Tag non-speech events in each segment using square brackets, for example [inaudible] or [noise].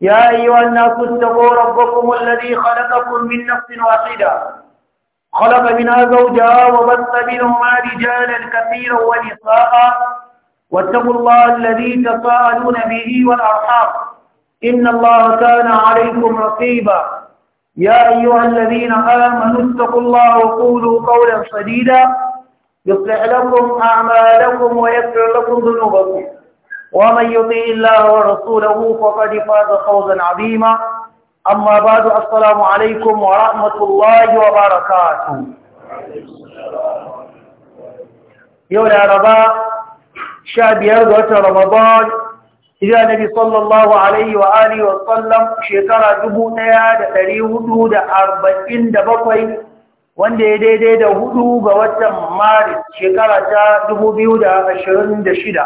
يا أيها الناس اتقوا ربكم الذي خلقكم من نفس واحدة خلق منها زوجها وبث منهما رجالا كثيرا ونساء واتقوا الله الذي تساءلون به والأرحام إن الله كان عليكم رقيبا يا أيها الذين آمنوا اتقوا الله وقولوا قولا سديدا يصلح لكم أعمالكم ويغفر لكم ذنوبكم ومن يطيع الله ورسوله فقد فاز فوزا عظيما أما بعد السلام عليكم ورحمة الله وبركاته يوم الأربعاء شاب يرد رمضان إذا النبي صلى الله عليه وآله وسلم شكرا جبوتها دتري هدود أربعين دبقين wanda ya daidai da hudu ga watan maris shekara ta 2026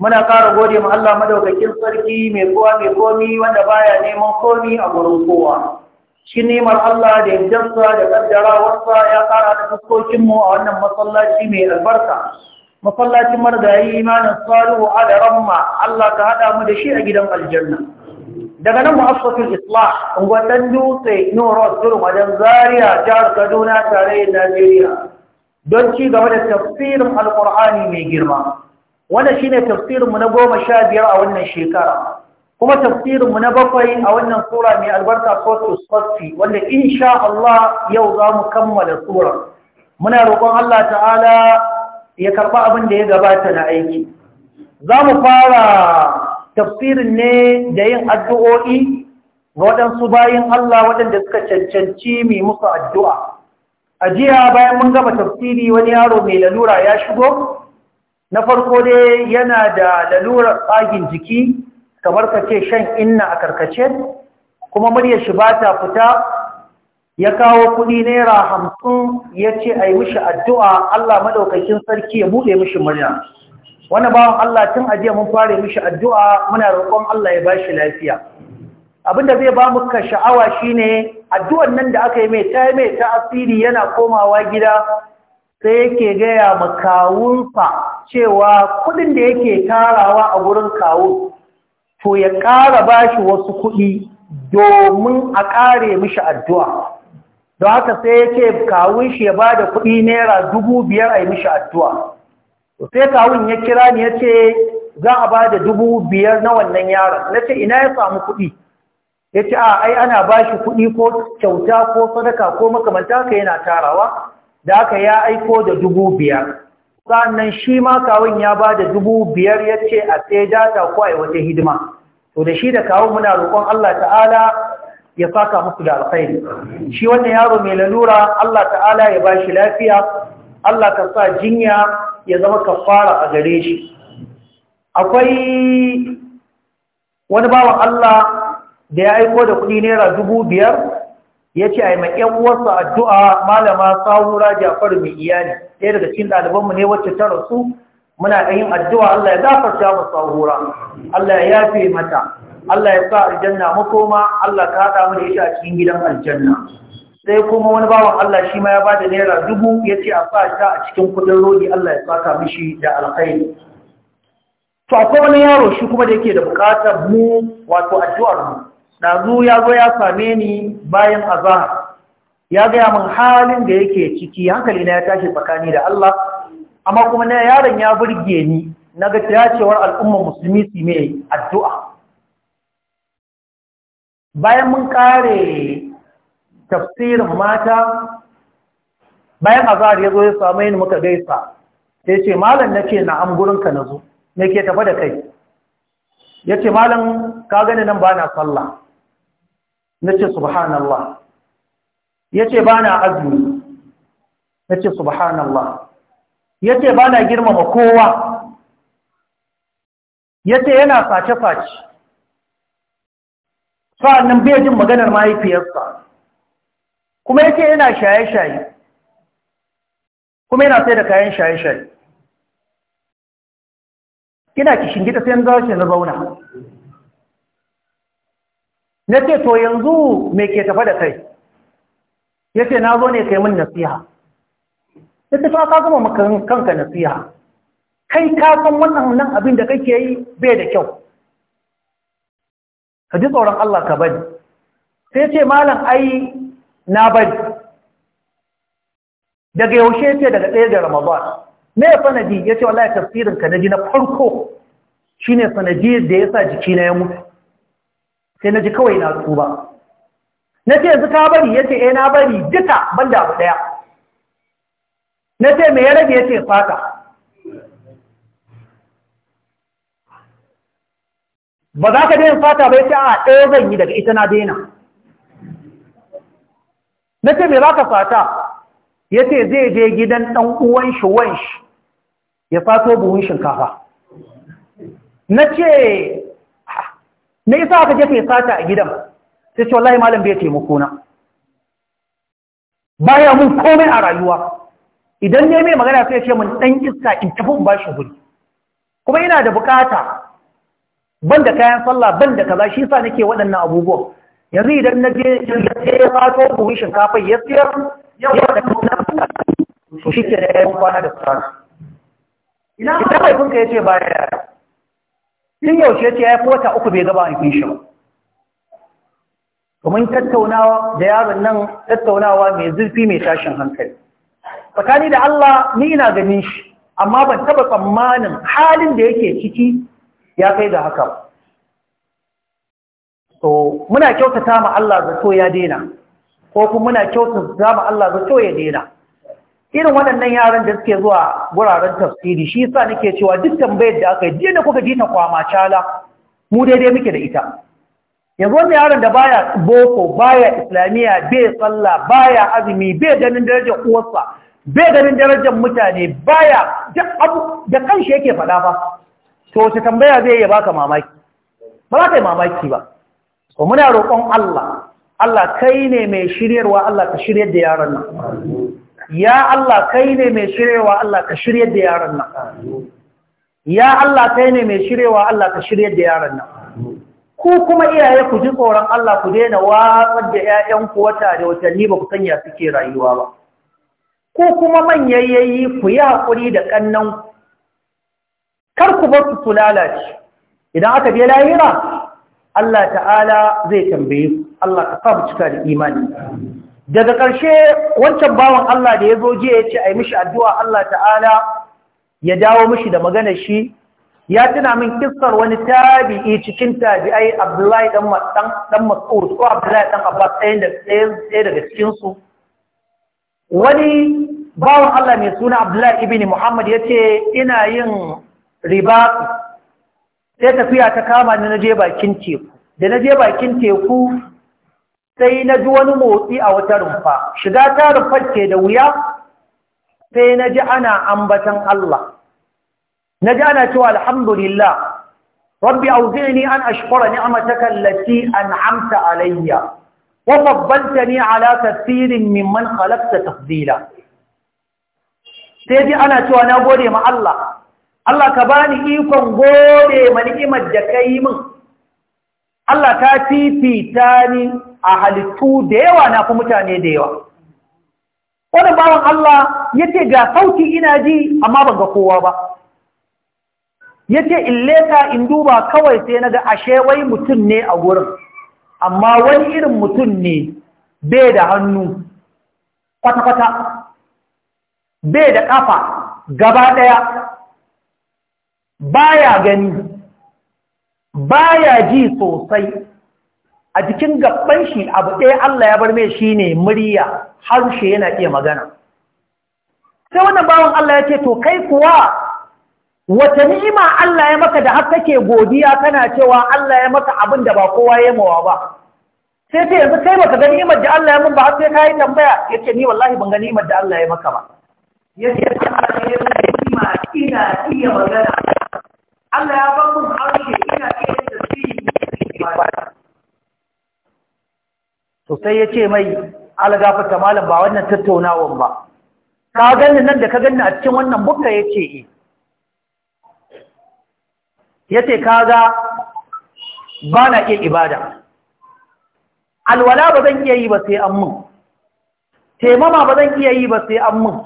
muna ƙara gode ma Allah madaukakin sarki mai kowa mai komi wanda baya neman komi a gurin kowa shi nemar Allah da yarjarsa da kaddarawarsa ya ƙara da mu a wannan masallaci mai albarka masallacin margayi imanin salihu ala ramma Allah ka haɗa mu da shi a gidan aljanna daga nan mu'assasul islah ungwatan dutse noro turum wajen zaria jihar kaduna tarayyar najeriya don ci gaba da tafsirin Alkur'ani mai girma wannan shine tafsirinmu na goma sha biyar a wannan shekara kuma tafsirinmu na bakwai a wannan sura mai albarka suratul safi wanda insha Allah yau za mu kammala sura muna roƙon Allah ta'ala ya karɓi abin da ya gabata na aiki za mu fara tafsirin ne da yin addu'o'i ga waɗansu bayin Allah waɗanda suka cancanci mai musu addu'a a jiya bayan mun gama tafsiri wani yaro mai lalura ya shigo na farko dai yana da lalurar tsagin jiki kamar ka ce shan inna a karkace kuma muryar shi ba ta fita ya kawo kuɗi naira hamsin ya ce a yi mishi addu'a Allah maɗaukakin sarki ya buɗe mishi murya wani bawan Allah tun ajiya mun fara mishi addu'a muna roƙon Allah ya ba shi lafiya abinda zai ba muka sha'awa shine addu'an nan da aka yi mai ta yi mai ta asiri yana komawa gida sai yake gaya ma kawunsa cewa kudin da yake tarawa a wurin kawun to ya ƙara ba shi wasu kuɗi domin a ƙare mishi addu'a Da haka sai ya ce kawun shi ya ba da kuɗi naira dubu biyar a yi mishi addu'a sai kawun ya kira ni ya ce za a ba da dubu biyar na wannan yaron na ce ina ya samu kuɗi ya ce a ai ana ba shi kuɗi ko kyauta ko sadaka ko makamanta ka yana tarawa da aka ya aiko da dubu biyar Sa'annan shi ma kawun ya ba da dubu biyar ya ce a tsaye data ko a wata hidima to da shi da kawun muna roƙon Allah ta'ala ya saka musu da alkhairi shi wannan yaro mai lalura Allah ta'ala ya ba shi lafiya Allah ka sa jinya ya zama kafara a gare shi akwai wani bawan Allah da ya aiko da kuɗi naira dubu biyar ya ce a yi ma'yan uwarsa addu'a malama sahura jafar mai iyali ɗaya daga cikin ɗalibanmu ne wacce ta rasu muna da addu'a Allah ya zafarta mu sahura Allah ya yafe mata Allah ya sa aljanna makoma Allah ka haɗa mu da ita a cikin gidan aljanna sai kuma wani bawan Allah shi ma ya ba da naira dubu ya ce a sa ta a cikin kuɗin rodi Allah ya saka mishi da alkhairi to akwai wani yaro shi kuma da yake da buƙatar mu wato addu'ar mu ɗazu ya zo ya same ni bayan azahar ya gaya min halin da yake ciki hankali na ya tashi tsakani da Allah amma kuma na yaron ya burge ni na ga tacewar al'ummar musulmi su mai addu'a bayan mun kare tafsirin mata bayan azahar ya zo ya same ni muka gaisa sai ce malam nake na an gurinka na zo me ke tafa da kai ya ce malam ka gani nan ba na sallah na ce subhanallah ya ce ba na azumi na ce subhanallah ya ce ba na girmama kowa ya ce yana face-face sa'annan bai jin maganar mahaifiyarsa kuma ya ce yana shaye-shaye kuma yana sai da kayan shaye-shaye ina kishin gida sai na shi na zauna na ce to yanzu mai ke tafa da kai ya ce na zo ne kai min nasiha ya ce to ka gama kanka nasiha kai ka san wannan nan abin da kake yi bai da kyau ka ji tsoron Allah ka bari sai ce malam ai na bari daga yaushe ce daga ɗaya da ramadan me ya sanadi ya ce wallahi tafsirin ka ji na farko shine sanadi da ya sa jiki na ya mutu sai na ji kawai na tsuba na ce yanzu ka bari ya ce eh na bari duka ban abu ɗaya na ce me ya rage ya ce fata ba za ka daina fata ba ya ce a ɗaya zan yi daga ita na daina na ce me za ka fata ya ce zai je gidan ɗan uwan shi wanshi ya fato buhun shinkafa na ce me yasa aka je kai sata a gidan sai ce wallahi malam bai taimako na baya mun komai a rayuwa idan ne mai magana sai ya ce mun dan iska in tafi in bashi guri kuma ina da bukata ban da kayan sallah ban da kaza shi sa nake waɗannan abubuwan yanzu idan na je ya fato buhun shinkafa ya siyar ya da kuma to shi ke da yayin kwana da tsara ina mai kunka yace baya? in yaushe ce ya fi wata uku bai gaba a nufin shi ba Kamun tattaunawa da yaron nan tattaunawa mai zurfi mai tashin hankali tsakani da Allah ni ina ganin shi amma ban taba tsammanin halin da yake ciki ya kai ga haka so muna kyautata ma Allah zato ya daina ko kuma muna kyautata ma Allah zato ya daina irin waɗannan yaran da suke zuwa wuraren tafsiri shi sa nake cewa duk tambayar da aka yi jiya da kuka ji ta kwama cala mu daidai muke da ita yanzu wannan yaron da baya boko baya islamiyya bai sallah baya azumi bai ganin darajar uwarsa bai ganin darajar mutane baya duk abu da kanshi yake faɗa ba to wace tambaya zai yi baka mamaki ba za ka yi mamaki ba to muna roƙon Allah Allah kai ne mai shiryarwa Allah ka shiryar da yaran nan ya Allah kai ne mai shirewa Allah ka shirye da yaran nan ya Allah kai ne mai shirewa Allah ka shiryar da yaron nan ku kuma iyaye ku ji tsoron Allah ku daina watsar da 'ya'yanku wata da wata, ni ba ku sanya suke rayuwa ba Ku kuma manyayyayi ku yi hakuri da kannan kar ku bar su lalace idan aka je lahira Allah ta'ala zai tambaye ku Allah ka sa mu cika da imani daga ƙarshe wancan bawan Allah da ya zo jiya ya ce a yi mishi addu'a Allah ta'ala ya dawo mishi da magana shi ya tuna min kistar wani tabi'i cikin tabi'ai Abdullahi ɗan Mas'ud ko Abdullahi dan Abbas ɗaya daga cikinsu. wani bawan Allah mai suna Abdullahi ibini Muhammad ya ce ina yin riba sai tafiya ta kama ni je bakin teku da na je bakin teku sai na ji wani motsi a wata rumfa shiga ta rumfar ke da wuya sai na ji ana ambatan Allah na ji ana cewa alhamdulillah rabbi auzini an ashkura ni'mataka allati an'amta alayya wa faddaltani ala kathirin mimman khalaqta tafdila sai ji ana cewa na gode ma Allah Allah ka bani ikon gode ma ni'imar da kai min Allah ta fifita ni a halittu da yawa na fi mutane da yawa wani bawan Allah ya ce ga sauti ina ji amma ban ga kowa ba ya ce in leka in duba kawai sai na ga ashe wai mutum ne a wurin, amma wani irin mutum ne bai da hannu kwata-kwata bai da ƙafa gaba ɗaya baya gani baya ji sosai a jikin gabban shi abu ɗaya Allah ya bar mai shi ne murya harshe yana iya magana sai wannan bawan Allah ya ce to kai kuwa wata ni'ima Allah ya maka da haka ke godiya kana cewa Allah ya maka abin da ba kowa ya mawa ba sai ce yanzu kai maka gani imar da Allah ya mun ba har ka yi tambaya yace ni wallahi ban ga imar da Allah ya maka ba yace Allah ya ce, ina iya magana Allah ya ba mun aure ina iya yin tasiri to sai ya ce mai algafa ta malam ba wannan tattaunawan ba ka gani nan da ka gani a cikin wannan bukka ya ce eh ya ce kaga ba na iya ibada alwala ba zan iya yi ba sai an mun taimama ba zan iya yi ba sai an mun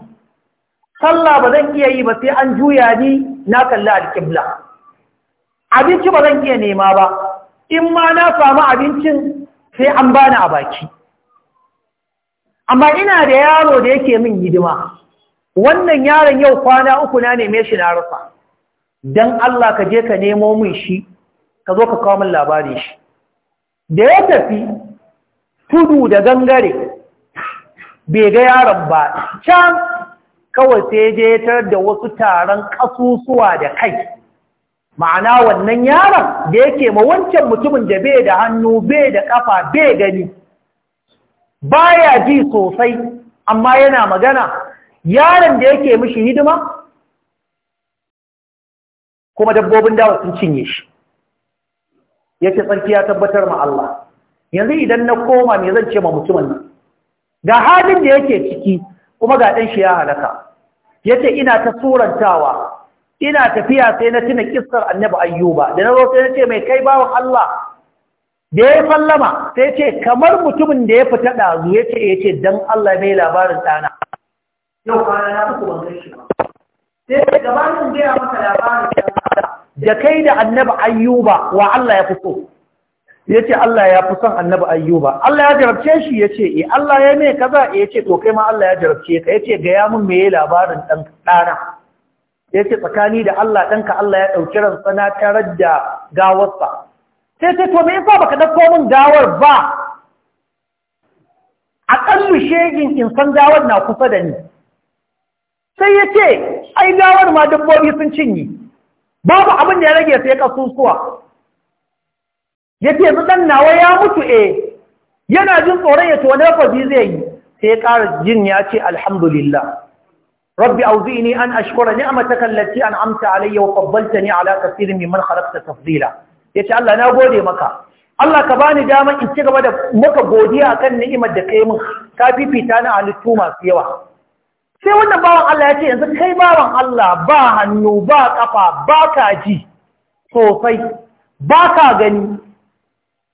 sallah ba zan iya yi ba sai an juya ni na kalla alƙibla abinci ba zan iya nema ba in ma na samu abincin sai an bani a baki amma ina da yaro da yake min hidima wannan yaron yau kwana uku na neme shi na rufa don Allah ka je ka nemo min shi ka zo ka kawo min labarin shi da ya tafi tudu da gangare bai ga yaron ba can kawai sai je tar da wasu taron ƙasusuwa da kai ma'ana wannan yaron da yake ma wancan mutumin da bai da hannu bai da ƙafa bai gani baya ji sosai amma yana magana yaron da yake mishi hidima kuma dabbobin dawa sun cinye shi ce tsarki ya tabbatar ma Allah yanzu idan na koma me zan ce ma mutumin nan ga halin da yake ciki kuma ga ɗan shi ya halaka yace ina ta surantawa ina tafiya sai na tuna kissar annabi ayyuba da na zo sai na ce mai kai bawan Allah da ya sallama sai ce kamar mutumin da ya fita ɗazu ya ce ya ce don Allah mai labarin ɗana yau kwana na muku ban gaishe ba sai gabanin gaya maka labarin da kai da annabi ayyuba wa Allah ya fi so ya ce Allah ya fi son annabi ayyuba Allah ya jarabce shi ya ce e Allah ya mai kaza ya ce to kai ma Allah ya jarabce ka ya ce gaya mun me labarin ɗana ya ce tsakani da Allah ɗanka Allah ya ɗauki ransa na tarar da gawarsa sai ce to me yasa baka ɗauko min gawar ba a ƙallu shegin in san gawar na kusa da ni sai ya ce ai gawar ma dabbobi sun cinye babu abin da ya rage sai kasusuwa ya ce yanzu ɗan nawa ya mutu eh yana jin tsoron ya ce wani lafazi zai yi sai ya ƙara jin ya ce alhamdulillah ne أوزئني أن أشكر نعمتك التي أنعمت علي وفضلتني على كثير ممن خلقت تفضيلا يتي الله نغودي مكا الله كباني داما إن تغبا دا مكا غوديا أكن نعمة دا قيمة كابي بيتانا على التوما سيوا sai wannan bawan Allah ya ce yanzu kai bawan Allah ba hannu ba kafa ba ka ji sosai ba gani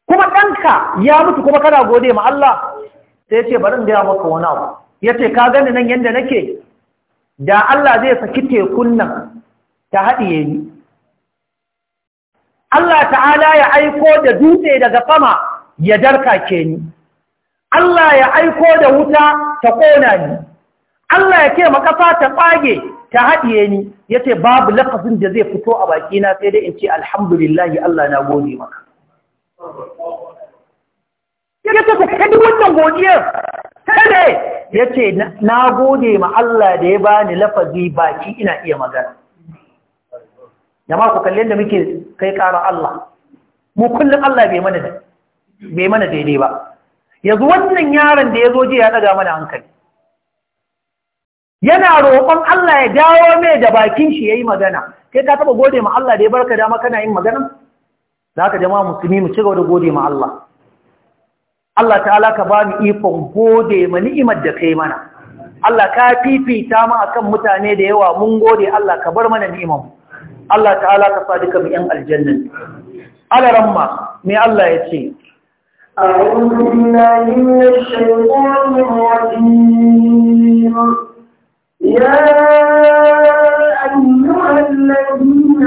kuma ɗanka ya mutu kuma kana gode ma Allah sai ya ce bari in gaya maka wani ya ce ka gani nan yadda nake da Allah zai saki tekun nan ta haɗiye ni Allah ta'ala ya aiko da dutse daga sama ya darka ke ni Allah ya aiko da wuta ta ƙona ni Allah ya ke makasa ta ɓage ta haɗiye ni ya ce babu lafafin da zai fito a na sai dai in ce alhamdulillahi Allah na gode maka. Ya ce ta kaɗi wannan godiyar kare ya ce na gode ma Allah da ya bani lafazi baki ina iya magana jama ku kallon da muke kai ƙara Allah mu kullum Allah bai mana daidai ba yanzu wannan yaron da ya zo jiya ya ɗaga mana hankali yana roƙon Allah ya dawo mai da bakin shi ya yi magana kai ka taɓa gode ma Allah da ya barka dama kana yin magana za ka jama musulmi mu ci gaba da gode ma Allah Allah ta'ala ka ba mu ikon gode ma ni'imar da kai mana Allah ka fifita mu akan mutane da yawa mun gode Allah ka bar mana ni'imar Allah ta'ala ka sa duka 'yan aljannin. aljannan ma, me Allah ya ce أعوذ بالله يا أيها الذين آمنوا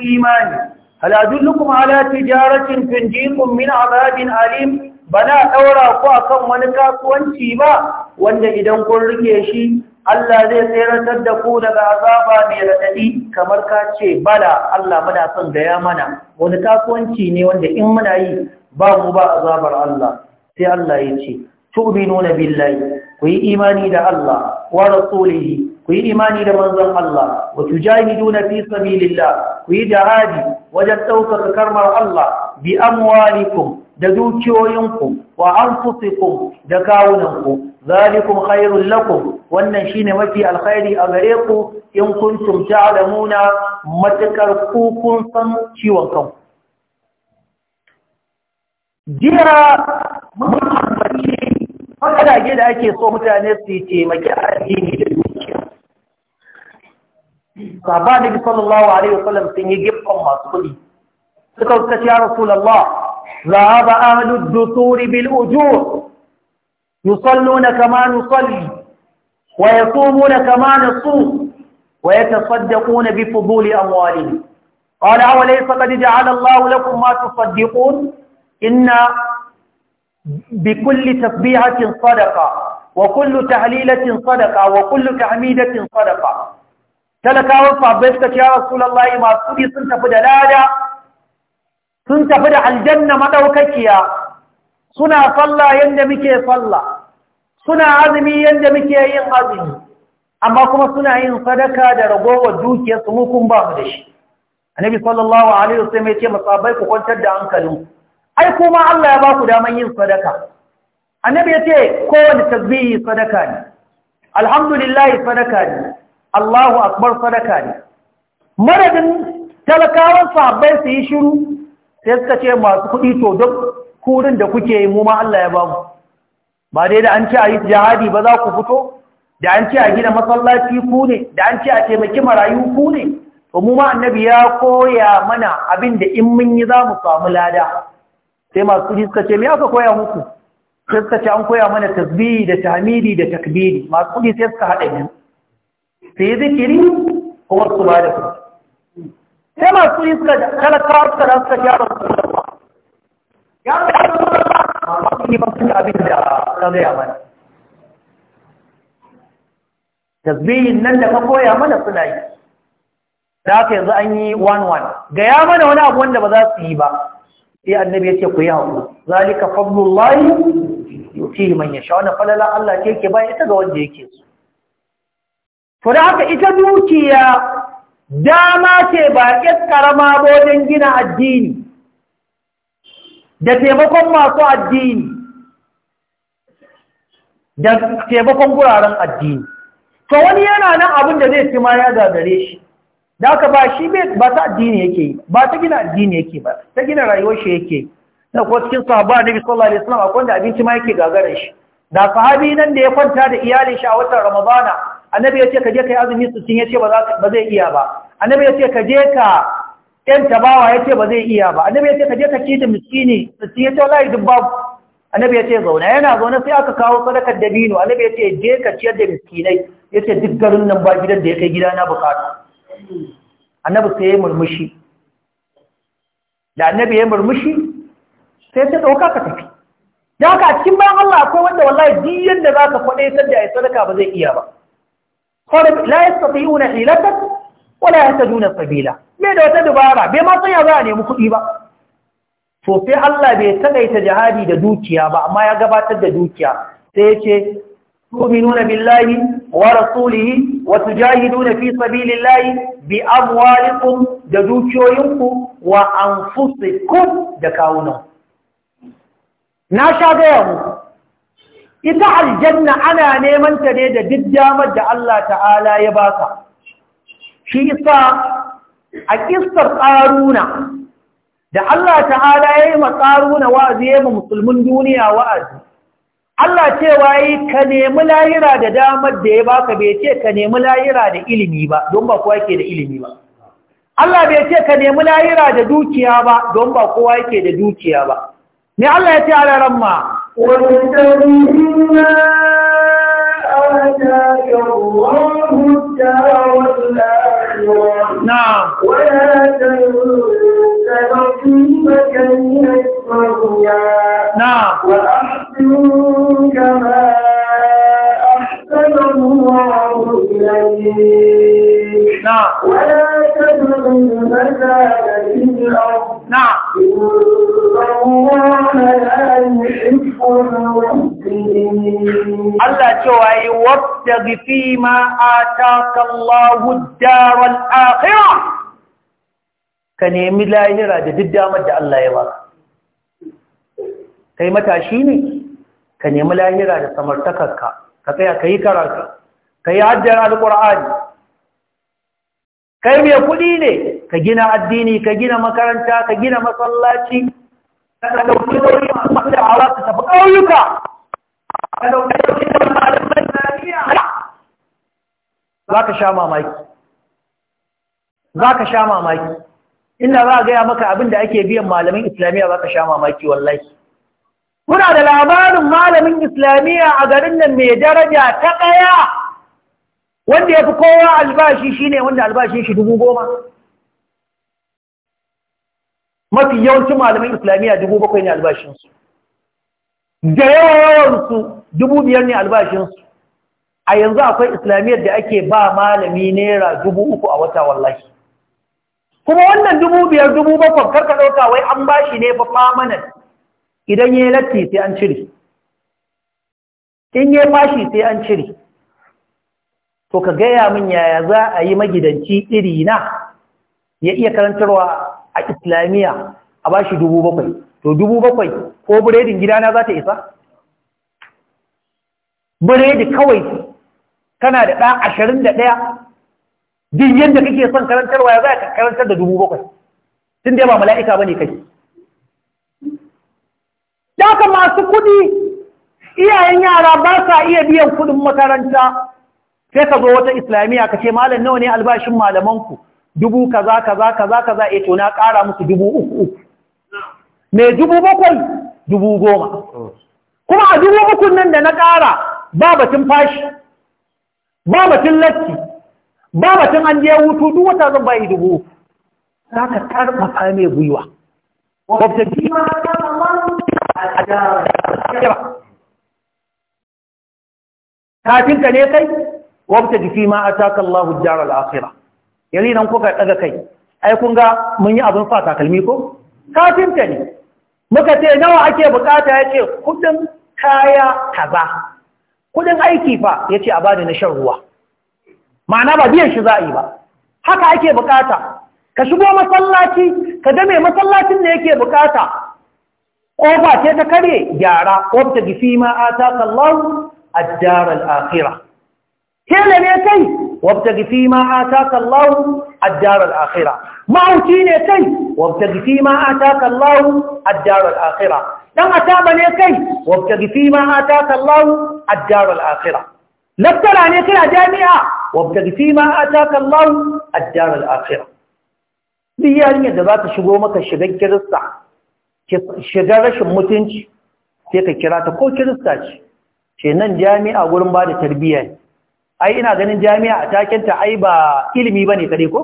yi imani haladullukum ala tijaratin tunjikum min azabin alim bana ɗaura ku akan wani kasuwanci ba wanda idan kun rike shi Allah zai tseratar da ku daga azaba mai raɗaɗi kamar kace bala Allah muna son gaya mana wani kasuwanci ne wanda in muna yi ba ba azabar Allah sai Allah ya ce tu'minuna billahi ku yi imani da Allah wa rasulihi ku yi imani da manzon Allah wa tujahiduna fi sabilillah ku yi jihadi wajen ɗaukaka karmar Allah bi amwalikum da dukiyoyinku wa anfusikum da kawunanku zalikum khairul lakum wannan shine mafi alkhairi a gare ku in kuntum ta'lamuna matakar ku kun san ciwon kanku jira mun ne, da ake so mutane su yi taimaki addini da dukiya sahaba النبي صلى الله عليه وسلم yi gifkon صلي تقول يا رسول الله ذهب أهل الدثور بالأجور يصلون كما نصلي ويصومون كما نصوم ويتصدقون بفضول أموالهم قال أوليس قد جعل الله لكم ما تصدقون إن بكل تسبيحة صدقة وكل تهليلة صدقة وكل تحميدة صدقة talakawan sahabbai suka ce ya rasulullahi masu kudi sun tafi da lada sun tafi da aljanna madaukakiya suna falla yadda muke falla. suna azumi yadda muke yin azumi amma kuma suna yin sadaka da ragowar dukiyarsu mu kun ba mu da shi annabi sallallahu alaihi wasallam ya ce masabai ku kwantar da hankali. ai kuma Allah ya ba ku daman yin sadaka annabi ya ce kowane tasbihi sadaka ne alhamdulillah sadaka ne Allahu akbar sadaka ne madadin talakawan sahabbai su yi shiru sai suka ce masu kuɗi to duk kurin da kuke yi mu ma Allah ya bamu ba dai da an ce a yi jihadi ba za ku fito da an ce a gina masallaci ku ne da an ce a taimaki marayu ku ne to mu annabi ya koya mana abin da in mun yi za mu samu lada sai masu kuɗi suka ce me aka koya muku sai suka ce an koya mana tasbihi da tahmidi da takbiri masu kuɗi sai suka haɗa biyu su yi zikiri kuma su ba da kuɗi sai masu yi suka talakawa suka da suka gyara su da ba gyara su da ba masu yi masu abin da ka gaya mana tasbihin nan da ka koya mana suna yi da aka yanzu an yi one-one gaya mana wani abu wanda ba za su yi ba sai annabi ya ce ku yi haƙu zalika fadlullahi yuti man yasha wannan falala Allah ke yake bayan ita ga wanda yake so to da haka ita dukiya dama ce ba ƙarama wajen gina addini da taimakon masu addini da taimakon guraren addini to wani yana nan abin da zai fi ma ya gagare shi da haka ba shi ba ta addini yake yi ba ta gina addini yake ba ta gina rayuwar shi yake yi na kuwa cikin sahaba na bisallah da akwai da abinci ma yake gagarar shi da sahabi nan da ya kwanta da iyalin shi a watan ramadana annabi ya ce ka je ka yi azumi sittin ya ce ba zai iya ba annabi ya ce ka je ka ɗan tabawa ya ce ba zai iya ba annabi ya ce ka je ka ci da miskini sittin ya ce wallahi duk babu annabi ya ce zauna yana zaune sai aka kawo sadakar dabino annabi ya ce je ka ciyar da miskinai ya ce duk garin nan ba gidan da ya kai gida na bukata annabi sai ya murmushi da annabi ya murmushi sai ta ɗauka ka tafi da haka a cikin bayan Allah akwai wanda wallahi duk yadda za ka kwaɗe sanda ya sadaka ba zai iya ba Kwarar la ya sa sai una ilata, wala ya sa duna sabila, me da wata dubara, bai ma ya za a nemi kuɗi ba. To, sai Allah bai taɗaita jihadi da dukiya ba, amma ya gabatar da dukiya, sai ya ce, Tumi nuna min layi, wa rasulihi, wasu jahi na fi sabilin layi, bi abuwa-likun da dukiyoyinku wa an fusikun da kawunan. Na sha gaya mu, ita aljanna ana neman ta ne da duk damar da Allah ta'ala ya baka shi isa a kistar ƙaruna da Allah ta'ala ya yi maƙaruna wa'azi ya musulmin duniya wa'azi Allah cewa yi ka nemi lahira da damar da ya baka bai ce ka nemi lahira da ilimi ba don ba kowa yake da ilimi ba Allah bai ce ka nemi lahira da dukiya ba don ba kowa yake da dukiya ba me Allah ya ce a ranar ma نعم ولا تنس نصيبك من الدنيا نعم وأحسن كما أحسن الله إليك نعم ولا تبغ المثال في الأرض نعم Allah ce wa yi wadda gifi ma a takallahu daren akira ka nemi lahira da duk damar da Allah ya baka. Kai matashi ne, ka nemi lahira da samartakarka, ka tsaya ka yi kararka, ka yi hajjar alƙur'ani. Kai mai kuɗi ne, ka gina addini, ka gina makaranta, ka gina masallaci, ka ɗauki nauyin masu awa su tafi ƙauyuka ka ɗauki nauyin da malaman zariya za ka sha mamaki za ka sha mamaki ina za a gaya maka abin da ake biyan malamin islamiyya za ka sha mamaki wallahi Kuna da labarin malamin islamiyya a garin nan mai daraja ta ɗaya wanda ya fi kowa albashi shine wanda albashin shi dubu goma mafi yawancin malamin islamiyya dubu bakwai ne albashinsu da yawansu dubu biyar ne albashinsu a yanzu akwai islamiyyar da ake ba malami naira dubu uku a wata wallahi kuma wannan dubu biyar dubu bakwai karka ɗauka wai an bashi ne fa famanan idan ya yi latti sai an cire in ya yi fashi sai an cire to ka gaya min yaya za a yi magidanci iri na ya iya karantarwa a islamiyya a ba shi dubu bakwai to dubu bakwai ko biredin gidana za ta isa biredi kawai kana da ɗa ashirin da ɗaya din yadda kake son karantarwa ya za ka karantar da dubu bakwai tun dai ba mala'ika ba ne kai daga masu kuɗi iyayen yara ba sa iya biyan kuɗin makaranta sai ka zo wata islamiyya ka ce malam nawa ne albashin malamanku dubu kaza kaza kaza kaza eto eh to na kara musu dubu uku uku dubu bakwai dubu goma kuma a dubu uku nan da na kara ba batun fashi ba batun latti ba batun an je hutu duk wata zan bayi dubu za ka karfafa mai gwiwa gwabtafi a kafin ka ne kai wabta jifi ma a takan al al'akira yanzu idan kuka daga kai ai kun ga mun yi abin fa takalmi ko kafinta ne muka ce nawa ake bukata yace ce kudin kaya kaza kudin aiki fa yace a bani na shan ruwa ma'ana ba biyan shi za yi ba haka ake bukata ka shigo masallaci ka ga me masallacin da yake bukata Kofa ce ta kare gyara wabta gifi ma a ad-dar al-akhirah tela ne kai wabtagi fi ma ataka Allah ad-dar al-akhirah ma'auci ne kai wabtagi fi ma ataka Allah ad-dar al-akhirah dan ataba ne kai wabtagi fi ma ataka Allah ad-dar al-akhirah laftara ne kai a jami'a wabtagi fi ma ataka Allah ad-dar al-akhirah diyarinya da za ta shigo maka shigar kirista shigar rashin mutunci sai ka kira ta ko kirista ce ce nan jami'a gurin ba da tarbiyya ne ai ina ganin jami'a a taken ta ai ba ilimi bane kare ko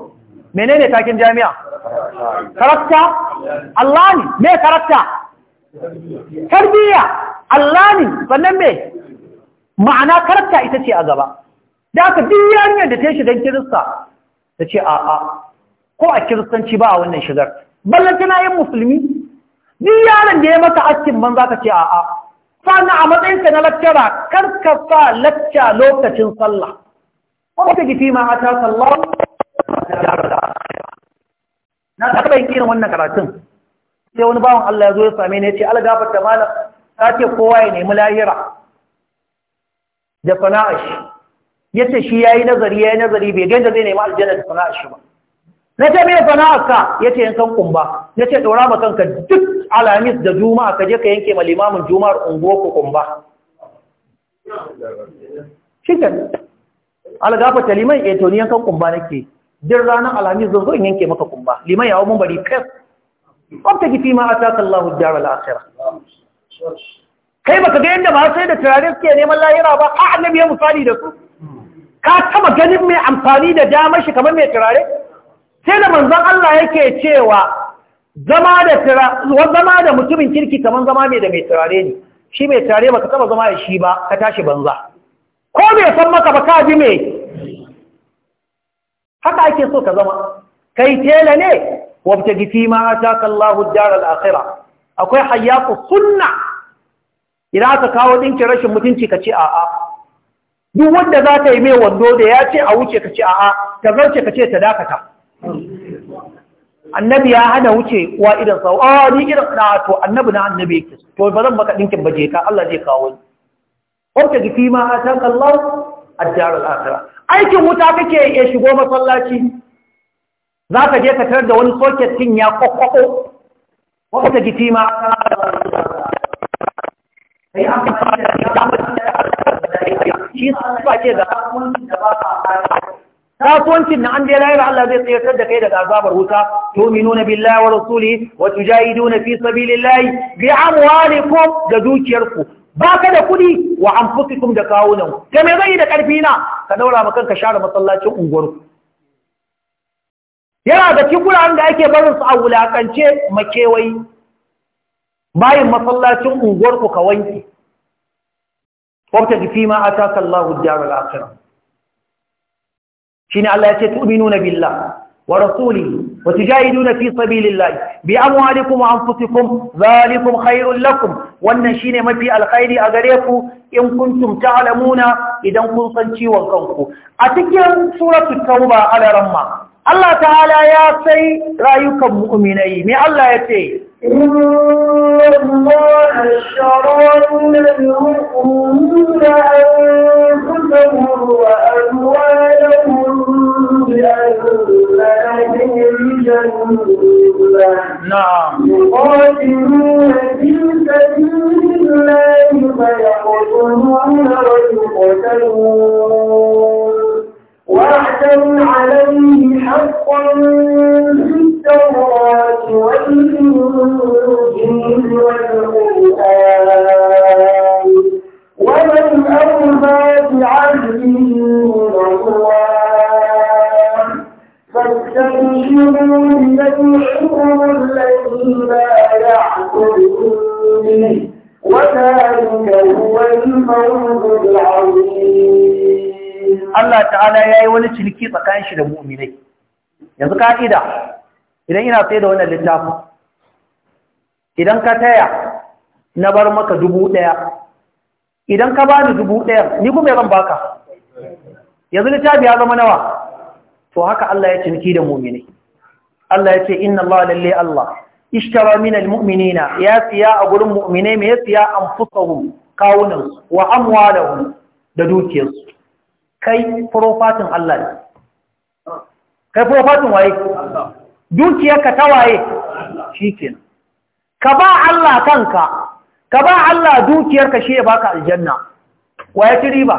menene taken jami'a karakta Allah ne me karakta tarbiya Allah ne sannan me ma'ana karakta ita ce a gaba da aka duk yarinyar da ta yi shigan kirista ta ce a a ko a kiristanci ba a wannan shigar ballan tana yin musulmi duk yaron da ya mata askin ban za ka ce a a sannan a matsayinka na lattara kar ka sa lacca lokacin sallah kuma ta gifi ma a ta sallah na taɓa yin irin wannan karatun sai wani bawan Allah ya zo ya same ni ya ce algafar ta malam ta ce kowa ya nemi lahira da sana'a shi ya ce shi ya yi nazari ya yi nazari bai da zai nemi aljanna da sana'a shi ba na ce mai sana'a ka ya ce yankan kumba ya ce ɗora ma kanka duk alamis da juma'a ka je ka yanke ma limamin juma'ar unguwar ku kumba shigan algafa ta liman eto eh, ni yankan kumba nake jin ranar alamis zan zo in yanke maka kumba liman yawo mun bari fes wata kifi ma a takan lahu jara la'akira. kai ba ka ga yadda ba sai da turare suke neman layira ba a annabi ya misali da su ka taba ganin mai amfani da damar shi kamar mai turare sai da manzan Allah yake cewa zama da zama da mutumin kirki kamar zama mai da mai turare ne shi mai turare ba ka taba zama da shi ba ka tashi banza ko bai san maka ba ka ji me haka ake so ka zama kai tela ne wabta gifi ma ataka Allahu ad akwai hayyatu sunna idan aka kawo dinki rashin mutunci ka ce a'a duk wanda za ta yi mai wando da ya ce a wuce ka ce a'a ka zarce ka ce ta dakata annabi ya hana wuce wa idan sau ni irin na to annabi na annabi yake to ba zan baka dinkin baje ka Allah zai kawo ni wanda ji fi ma atan Allah ad al akhira aikin wuta kake ya shigo masallaci zaka ka je ka tarar da wani socket din ya kokoko wanda ji fi ma da shi ba ce da da ba ka kasuwancin na an je lahira Allah zai tsayar da kai daga azabar wuta tu'minuna billahi wa rasulihi wa tujahiduna fi sabilillahi bi amwalikum da dukiyarku ba ka da kuɗi wa an tun da kawo nan ta mai zai da karfi na ka daura makan ka share masallacin unguwarku yana da kikuran da ake barin su a wulaƙance makewayi bayan masallacin unguwarku ka wanke wata fi ma ta sallahu jihar shine Allah ya ce tu'minuna billah wa rasulihi wa tujahiduna fi sabilillah bi amwalikum wa anfusikum zalikum khairul lakum wannan shine mafi alkhairi a gare ku in kuntum ta'lamuna idan kun san ciwon kanku a cikin suratul tauba ala ramma Allah ta'ala ya sai rayukan mu'minai me Allah ya ce إن الله اشترى من المؤمنين أنفسهم وأموالهم بأن جنة نعم يقاتلون في سبيل الله فيقتلون ويقتلون واعتم عليه حقا في التوراة والإنجيل والقرآن ومن أوفى بعهده من الله فاستبشروا ببيعكم الذي Allah ta'ala ya yi wani ciniki tsakanin shi da mu'minai yanzu ka'ida idan ina sai da wannan littafin idan ka taya na bar maka dubu ɗaya idan ka ba ni dubu ɗaya ni kuma zan baka yanzu littafi ya zama nawa to haka Allah ya ciniki da mu'minai Allah ya ce inna Allah lalle Allah ishtara min almu'minina ya siya a gurin mu'minai me ya siya anfusahum kawunan wa amwalahum da dukiyarsu kai profatin Allah ne kai profatin waye dukiyarka ta waye shikenan ka ba Allah kanka ka ba Allah dukiyarka shi ya baka aljanna waye ci riba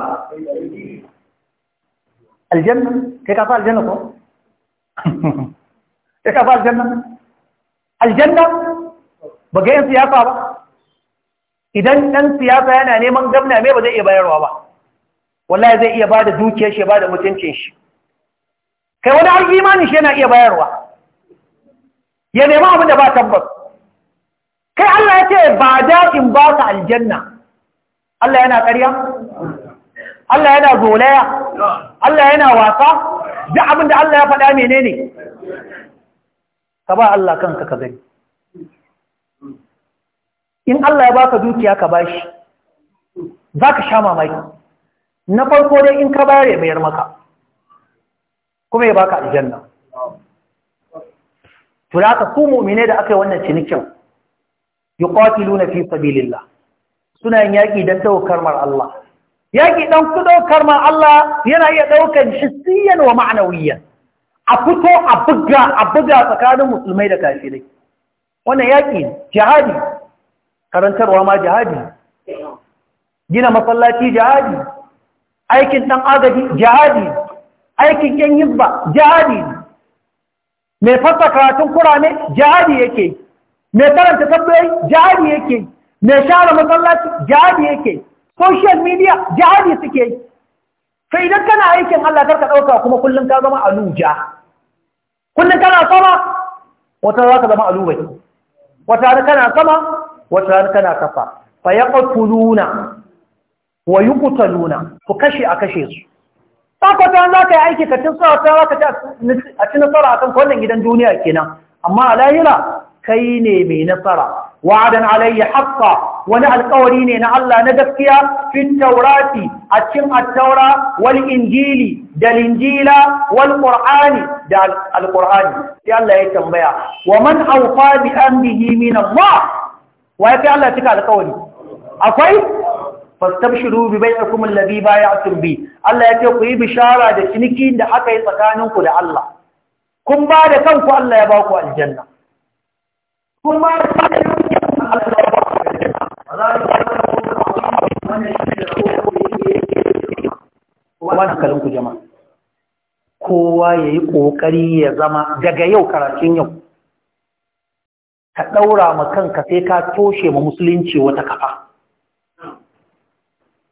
aljanna kai ka fa aljanna ko [laughs] kai ka fa aljanna aljanna ba ga yin siyasa ba idan ɗan siyasa yana neman gwamna me ba zai iya bayarwa ba wallahi zai iya bada dukiyar shi bada mutuncin shi kai wani har imani shi yana iya bayarwa ya nemi abin da ba tabbas kai Allah ya ce ba da in ba ka aljanna Allah yana ƙarya Allah yana zolaya Allah yana wasa duk abin da Allah ya faɗa menene ka ba Allah kanka ka gani in Allah ya baka dukiya ka bashi za ka sha mamaki na farko dai in ka bayar ya bayar maka kuma ya baka aljanna to da aka mu'mine da aka yi wannan cinikin yuqatiluna fi sabilillah suna yin yaki dan daukar mar Allah yaki dan ku daukar mar Allah yana iya shi siyan wa ma'nawiyan a fito a buga a buga tsakanin musulmai da kafirai wannan yaki jihadi karantarwa ma jihadi gina masallaci jihadi aikin ɗan agaji jihadi aikin yan hibba jihadi mai fasa karatun kura kurame jihadi yake mai karanta tabbai jihadi yake mai share masallaci jihadi yake social media jihadi suke sai idan kana aikin Allah karka ɗauka kuma kullum ka zama aluja kullum kana sama wata za ka zama alubai wata kana sama wata kana kafa fa yaqtuluna wa yuqtaluna ku kashe a kashe su takwata za ka yi aiki ka cin sawa ta ka a ci nasara akan kwallon gidan duniya kenan amma a kai ne mai nasara wa'adan alayya haqqa wani alƙawari ne na Allah na gaskiya fi taurati a cin at wal injili da linjila wal qur'ani da Alƙur'ani. sai Allah ya tambaya wa man awfa bi amrihi min Allah wa ya fi Allah cika alƙawari akwai fastabshiru bi bai'akum alladhi bay'atum bi Allah ya ce ku yi bishara da ciniki da aka yi tsakaninku da Allah kun ba da kanku Allah ya ba ku aljanna kun ba da kanku Allah ya ba ku aljanna wannan ku jama'a kowa yayi kokari ya zama daga yau karatun yau ka daura ma kanka sai ka toshe ma musulunci wata kafa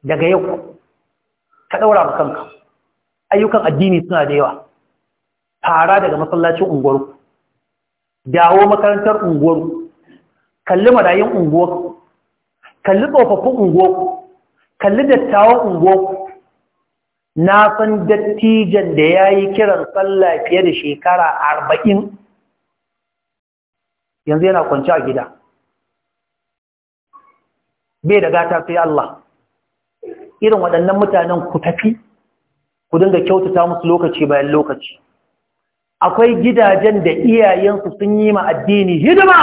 daga yau ka ɗaura ba kanka ayyukan addini suna da yawa fara daga masallacin unguwarku dawo makarantar unguwarku kalli marayun unguwarku kalli tsofaffin unguwarku kalli dattawan unguwarku na san dattijan da ya yi kiran sallah fiye da shekara arba'in yanzu yana kwanci a gida bai da gata sai Allah irin waɗannan mutanen ku tafi ku dinga kyautata musu lokaci bayan lokaci akwai gidajen da iyayensu sun yi ma addini hidima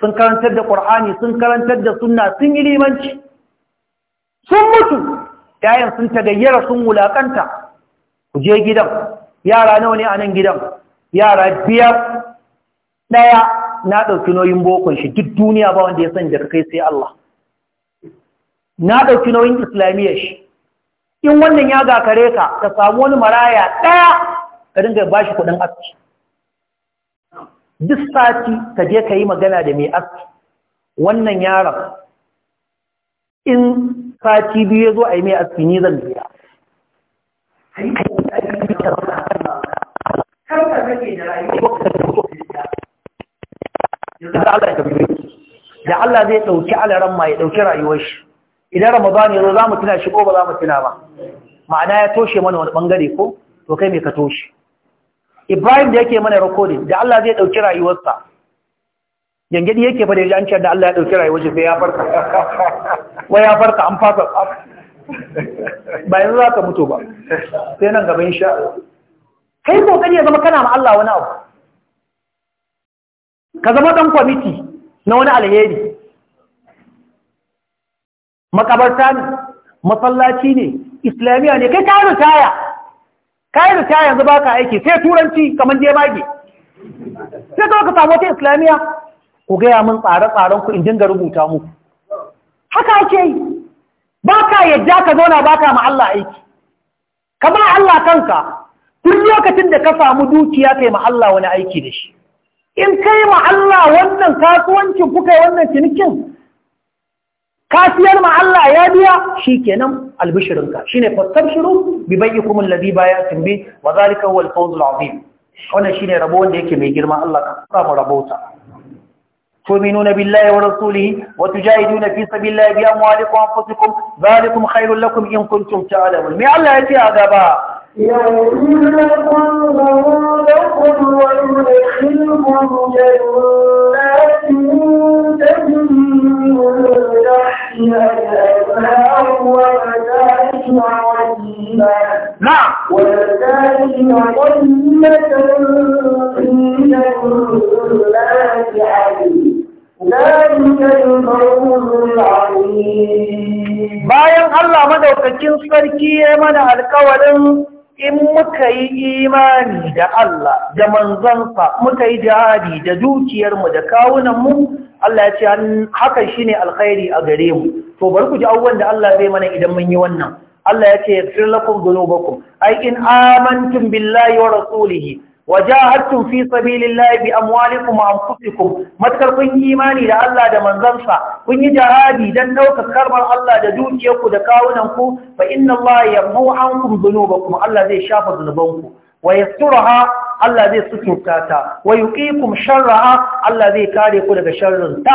sun karantar da ƙur'ani sun karantar da sunna sun yi limanci sun mutu yayan sun tagayyara sun wulaƙanta ku je gidan yara nawa ne a nan gidan yara biyar ɗaya na ɗauki nauyin bokon shi duk duniya ba wanda ya sani daga kai sai Allah na ɗauki nauyin islamiyyar shi in wannan ya kare ka ka samu wani maraya ɗaya ka dinga ba shi kuɗin aski duk sati ka je ka yi magana da mai aski wannan yaron in sati biyu ya zo a yi mai aski ni zan biya da Allah zai ɗauki alaran ma ya ɗauki rayuwar shi idan ramadan ya zo za mu tuna shi ko ba za mu tuna ba ma'ana ya toshe mana wani bangare ko to kai me ka toshe ibrahim da yake mana recording da Allah zai dauki rayuwarsa gangadi yake ba da yaji an ce da Allah ya dauki rayuwar shi sai ya farka [laughs] wai ya farka an fasa ba yanzu za ka mutu ba sai nan gaba insha Allah kai kokari ya zama kana ma Allah wani abu ka zama dan kwamiti na wani alheri makabarta ne masallaci ne islamiyya ne kai kayi ritaya kayi ritaya yanzu ba ka aiki sai turanci kamar je mage sai kawai ka samu wata islamiyya ku gaya min tsare-tsaren ku in dinga rubuta muku haka ake yi ba ka yadda ka zauna ba ka ma Allah aiki ka Allah kanka tun lokacin da ka samu dukiya kai ma Allah wani aiki da shi in kai ma Allah wannan kasuwancin kuka yi wannan cinikin ka ma Allah ya biya shikenan albishirinka shine fastabshiru bi bayyikum alladhi bayatum bi wa zalika huwa al azim wannan shine rabo wanda yake mai girma Allah ka fara mu rabota تؤمنون بالله ورسوله وتجاهدون في سبيل الله بأموالكم وأنفسكم ذلكم خير لكم إن كنتم تعلمون ما الله يأتي عذابا يغفركم ذنوبكم ويدخلكم جنات تجري bayan Allah madaukakin sarki ya mana alkawarin in muka yi imani da Allah da manzansa muka yi jihadi da dukiyarmu da kawunanmu Allah ya ce hakan shine alkhairi a gare mu to bari ku ji abubuwan da Allah zai mana idan mun yi wannan Allah ya ce yaghfir lakum dhunubakum ai in amantum billahi wa rasulihi wa jahadtum fi sabilillahi bi amwalikum wa anfusikum matkar kun yi imani da Allah da manzansa kun yi jihadi dan daukar karbar Allah da dukiyarku da kawunan ku fa inna Allah yamhu ankum dhunubakum Allah zai shafa dhunubanku wa yasturaha Allah zai suturta ta wa yuqikum sharraha Allah zai kare ku daga sharrin ta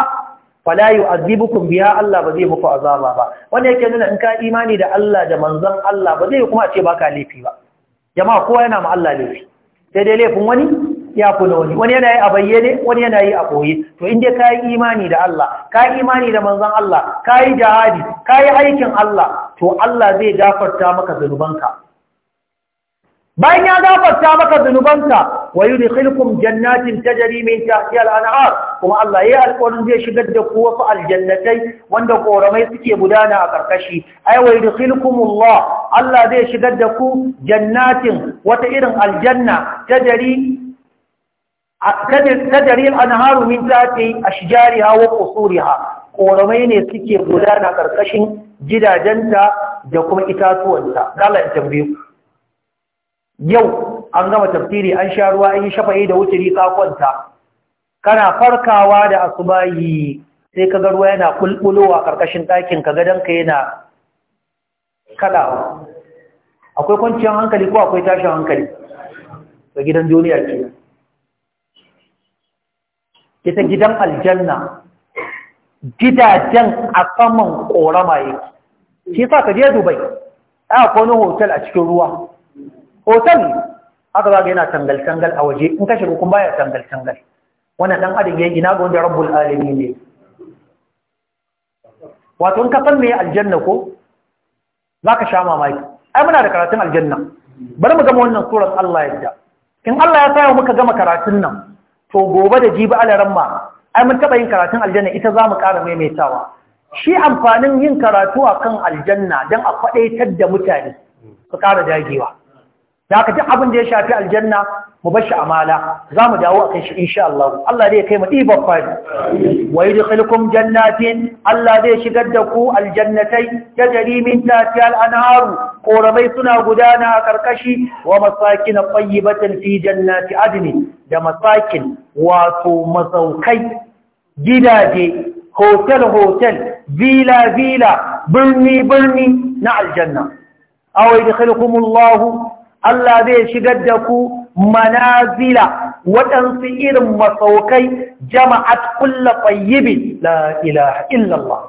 fala yu'adhibukum biya Allah ba zai muku azaba ba wanda yake nuna in ka imani da Allah da manzon Allah ba zai kuma ce baka laifi ba jama'a kowa yana ma Allah laifi sai dai laifin wani ya kula wani wani yana yi a bayyane wani yana yi a koye to in dai kayi imani da Allah kayi imani da manzon Allah kayi jihadi kayi aikin Allah to Allah zai gafarta maka zanubanka bayan ya gafarta maka zunubanka wa yudkhilukum jannatin tajri min tahtiha al-anhar kuma Allah yayi alƙawarin zai shigar da ku wasu aljannatai wanda koramai suke gudana a karkashi ai wa yudkhilukumullah Allah Allah zai shigar da ku jannatin wata irin aljanna tajri tajri al-anhar min tahti ashjariha wa qusuriha koramai ne suke gudana karkashin gidajenta da kuma itatuwanta Allah ya tambaye yau an gama tafsiri an sha ruwa an yi shafa'i da wuturi ka kwanta kana farkawa da asubayi, sai ka ga ruwa yana kulbulowa karkashin ɗakin ka gadon ka yana kaɗawa akwai kwanciyar hankali ko akwai tashin hankali ga gidan duniya ce ita gidan aljanna gidajen a saman ƙorama yake shi sa ka je dubai a wani hotel a cikin ruwa hoton aka zaga yana tangal-tangal a waje in ka shiga kun baya tangal-tangal wannan dan adam yayi ina ga wanda rabbul alamin ne wato in ka san me aljanna ko Za ka sha mamaki ai muna da karatun aljanna bari mu gama wannan surar Allah yadda in Allah ya tsaya muka gama karatun nan to gobe da jibi alaran ma ai mun taba yin karatun aljanna ita za mu ƙara maimaitawa shi amfanin yin karatu akan aljanna dan a faɗaitar da mutane su ƙara dagewa da haka duk abin da ya shafi aljanna mu bashi amala za mu dawo a kan shi insha Allah Allah zai kai mu ɗiban fari wa yudkhilukum jannatin Allah zai shigar da ku aljannatai ta jari min tahtiha al suna gudana a karkashi wa masakin tayyibatan fi jannati adni da masakin wato masaukai gidaje hotel hotel villa villa birni birni na aljanna aw yudkhilukum Allah Allah zai shigar da ku manazila waɗansu irin masaukai jama'at kulla fayyibi la ilaha illallah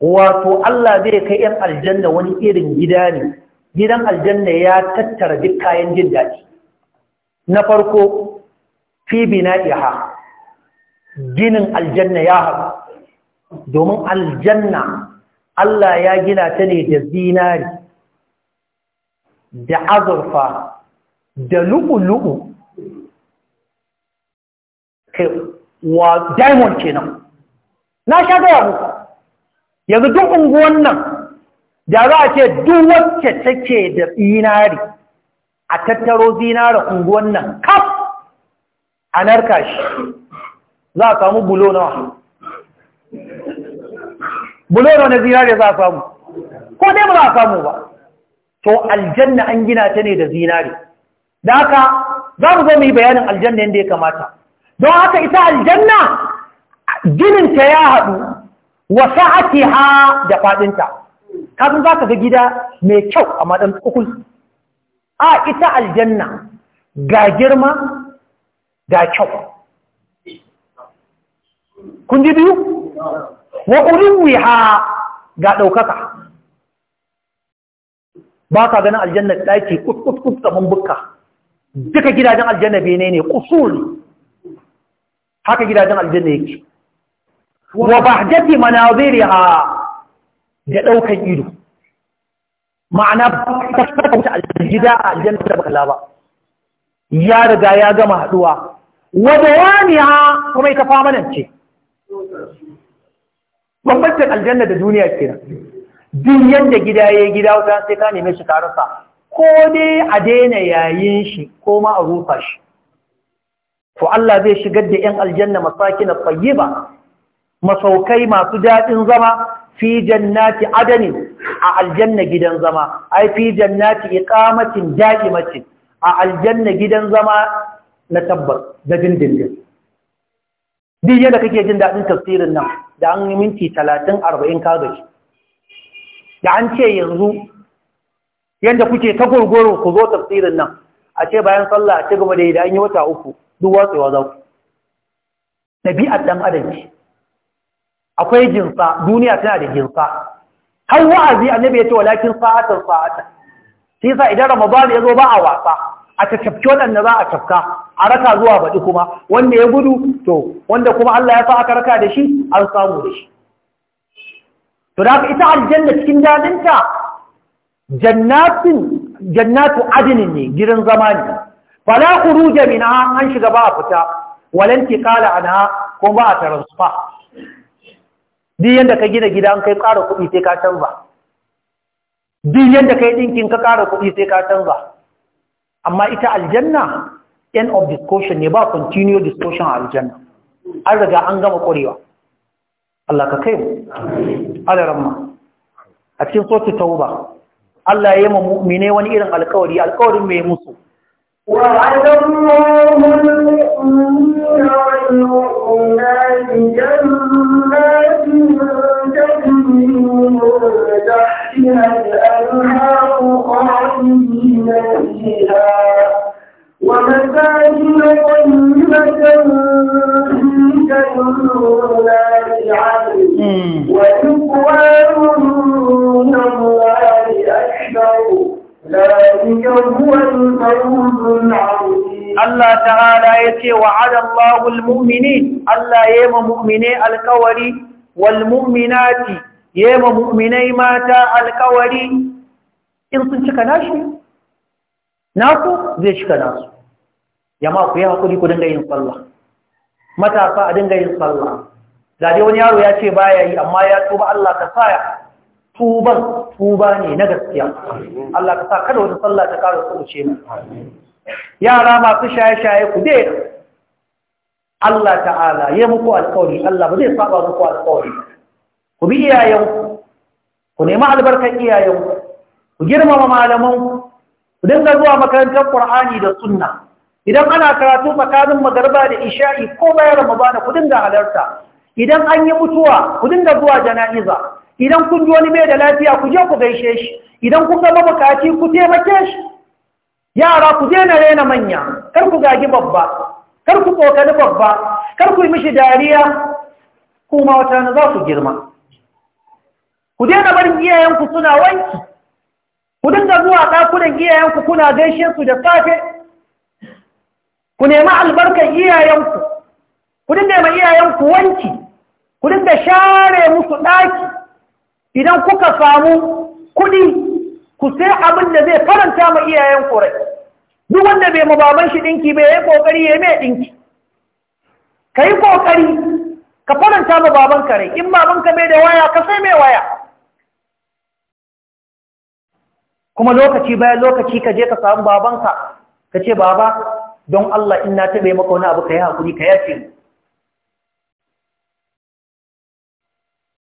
wato Allah zai kai ‘yan aljanna wani irin gida ne gidan aljanna ya tattara duk kayan jin daji na farko fi bina iha ginin aljanna ya haɗu domin aljanna Allah ya gina ta ne da zinari da azurfa da lu'u-lu'u wa diamond kenan na sha gaya muku yanzu duk unguwan nan da za a ce duk wacce take da inari a tattaro zinari unguwan nan kaf a narka shi za a samu bulo nawa bulo nawa na zinari za a samu ko dai ba za a samu ba to aljanna an gina ta ne da zinari da haka za mu zo mu yi bayanin aljanna yadda ya kamata don haka ita aljanna gininta ya haɗu wasa ake ha da faɗinta kafin za ka ga gida mai kyau a maɗan ukul a ita aljanna ga girma ga kyau kun ji biyu wa ulin wiha ga ɗaukaka ba ka ganin aljanna ɗaki kuskus kaman bukka duka gidajen aljanna bene ne kusur haka gidajen aljanna yake wa ba bahjati manaziriha da ɗaukan ido ma'ana ta ka wuce aljida a aljanna da bakala ba ya riga ya gama haduwa wadda yaniya kuma ita famanan ce bambancin aljanna da duniya ke nan. duk yadda gida ya yi gida wata sai ka neme shi ka rasa ko dai a daina yayin shi ko ma a rufa shi to Allah zai shigar da 'yan aljanna masakin tayyiba masaukai masu daɗin zama fi jannati adani a aljanna gidan zama ai fi jannati iqamatin da'imacin a aljanna gidan zama na tabbar da dindindin duk yadda kake jin daɗin tafsirin nan da an yi minti talatin arba'in ka da an ce yanzu yadda kuke ta gurguru ku zo tafsirin nan a ce bayan sallah a ce gaba da yi da an yi wata uku duk watsewa za ku ɗabi'ar ɗan adam ce akwai jinsa duniya tana da jinsa har wa'azi annabi ya ce walakin sa'atan sa'atan sai sa idan ramadan ya zo ba a wasa a tafki waɗanda za a tafka a raka zuwa baɗi kuma wanda ya gudu to wanda kuma Allah ya sa aka raka da shi an samu da shi to da haka ita aljanna cikin dadinta jannatin jannatu adinin ne gidan zama ne fala khuruja ha an shiga ba fita walan kala anha ko ba a transfer Din yanda ka gina gida kai ƙara kuɗi sai ka canza duk yanda kai dinkin ka ƙara kuɗi sai ka canza amma ita aljanna end of discussion ne ba continue discussion aljanna an riga an gama ƙwarewa Allah ka kai mu alaramma a cikin sautu tauba Allah ya yi ma mu'mine wani irin alkawari alkawarin mai musu وعد الله المؤمنين والمؤمنات جنات تجري من تحتها الأنهار خالدين فيها ومساجد طيبة في جنات عدن ورضوان من الله أكبر ذلك هو الفوز العظيم Allah ta'ala ya ce wa adallahu al Allah ya yi mu'mine alkawari wal mu'minati ya yi mu'minai mata alkawari in sun cika nashi naku zai cika nasu jama'a ku yi hakuri ku dinga yin sallah matasa a dinga yin sallah da dai wani yaro ya ce baya yi amma ya tuba Allah ka sa ya tuban tuba ne na gaskiya Allah ka sa kada wata sallah ta ƙara tsoce mu yara masu shaye-shaye ku dai Allah ta'ala ya muku alƙawari Allah ba zai saba muku alƙawari ku bi iyayenku ku nemi albarkar iyayenku ku girmama malamanku ku dinga zuwa makarantar Qur'ani da Sunna idan ana karatu tsakanin magarba da isha'i ko bayan ramadana ku dinga halarta idan an yi mutuwa ku dinga zuwa jana'iza idan kun ji wani mai da lafiya ku je ku gaishe shi idan ku zama bukaci ku taimake shi yara ku je na rena manya kar ku gagi babba kar ku kokari babba kar ku yi mishi dariya kuma wata na za ku girma ku daina barin iyayenku suna wanki ku dinga zuwa ɗakunan iyayenku kuna gaishe su da safe ku nemi albarkar iyayenku ku dinga ma iyayenku wanki ku dinga share musu ɗaki idan kuka samu kuɗi ku sai abin da zai faranta ma iyayenku rai duk wanda bai mabaman shi ɗinki bai yi ƙoƙari ya mai ɗinki ka yi ƙoƙari ka faranta ma babanka rai in babanka bai da waya ka sai mai waya kuma lokaci bayan lokaci ka je ka samu babanka ka ce baba don Allah in na taɓe maka wani abu ka yi hakuri ka yake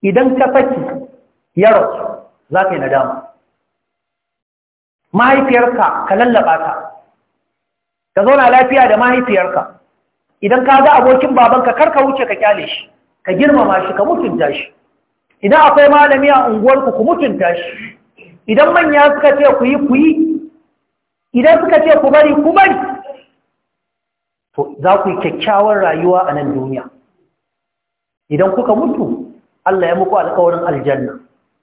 idan ka faki yaro za ka yi nadama mahaifiyarka ka lallaba ta ka zauna lafiya da mahaifiyarka idan ka ga abokin babanka kar ka wuce ka kyale shi ka girmama shi ka mutunta shi idan akwai malami a unguwarku ku mutunta shi idan manya suka ce ku yi ku yi idan suka ce ku bari ku bari za ku yi kyakkyawar rayuwa a nan duniya idan kuka mutu Allah ya muku alƙawarin aljanna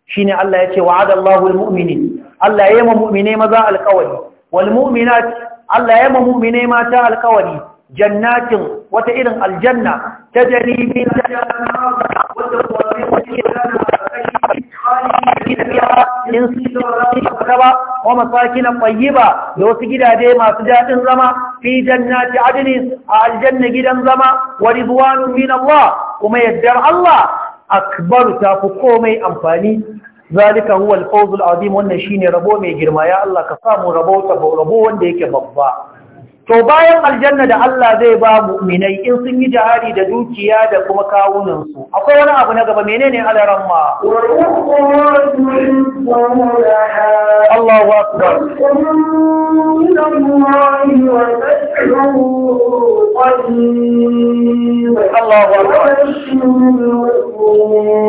shine Allah ya ce wa'ada Allahu almu'minin Allah ya yi ma mu'mine maza alƙawari wal mu'minat Allah ya yi ma mu'mine mata alƙawari jannatin wata irin aljanna ta jari kuwa in gaba wa masaki na ƙwayi da wasu gidaje masu daɗin zama fi jannati adinis a aljanna gidan zama wa ribuwanu min Allah kuma yaddar Allah akbar ta fi komai amfani zalika huwa alfawzul azim wannan shine rabo mai girma ya Allah ka samu rabo ta rabo wanda yake babba to bayan aljanna da Allah zai ba mu'minai in sun yi jihadi da dukiya da kuma kawunansu akwai wani abu na gaba menene alaran ma Allahu akbar Allahu akbar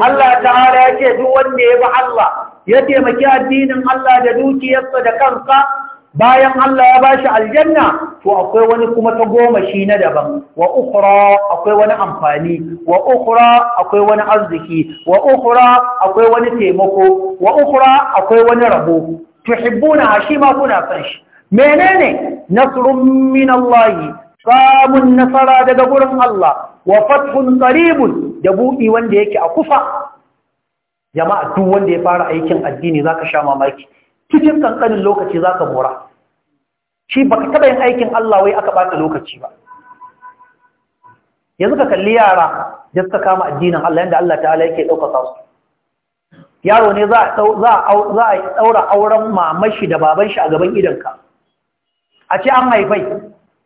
Allah ta'ala yake duk wanda ya bi Allah ya taimaki addinin Allah da dukiyarsa da kansa bayan Allah ya bashi aljanna to akwai wani kuma ta goma shi na daban wa ukhra akwai wani amfani wa ukhra akwai wani arziki wa ukhra akwai wani taimako wa ukhra akwai wani rabo tuhibbuna shi ma kuna san shi menene nasrun minallahi samun nasara daga gurin Allah wa fathun qaribun da buɗi wanda yake a kufa jama'a duk wanda ya fara aikin addini zaka sha mamaki cikin kankanin lokaci za ka mora shi ba ka taɓa yin aikin Allah wai aka ɓata lokaci ba yanzu ka kalli yara da suka kama addinin Allah yadda Allah ta'ala yake ɗaukaka su yaro ne za a ɗaura auren mamashi da baban shi a gaban idanka a ce an haifai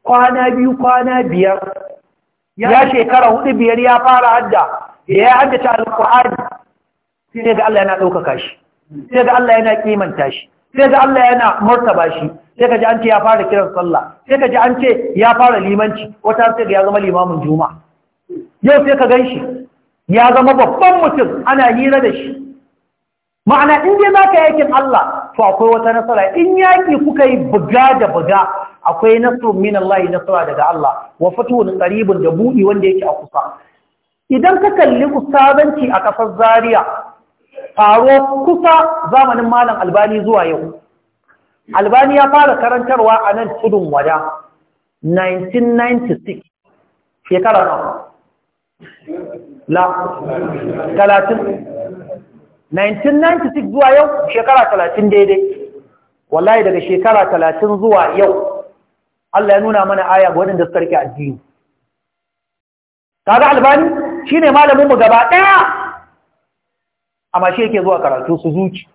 kwana biyu kwana biyar ya shekara hudu biyar ya fara hadda ya al alƙur'ani sai ga Allah yana ɗaukaka shi sai ga Allah yana ƙimanta shi sai ga Allah yana martaba shi sai ka ji an ce ya fara kiran sallah sai ka ji an ce ya fara limanci wata sai ya zama limamin juma'a yau sai ka ganshi ya zama babban mutum ana hira da shi ma'ana in dai zaka aikin Allah to akwai wata nasara in yaki kuka yi buga da buga akwai nasrun min Allah nasara daga Allah wa fatuhun qaribun da budi wanda yake a kusa idan ka kalli kusabanci a kasar Zaria faro kusa zamanin malam albani zuwa yau albani ya fara karantarwa a nan tudun wada 1996 shekara na la 30 1996 zuwa yau shekara 30 daidai wallahi daga shekara 30 zuwa yau Allah ya nuna mana aya ga waɗanda suka rike addini ga albani shine malamin mu gaba ɗaya amma shi yake zuwa karatu su zuci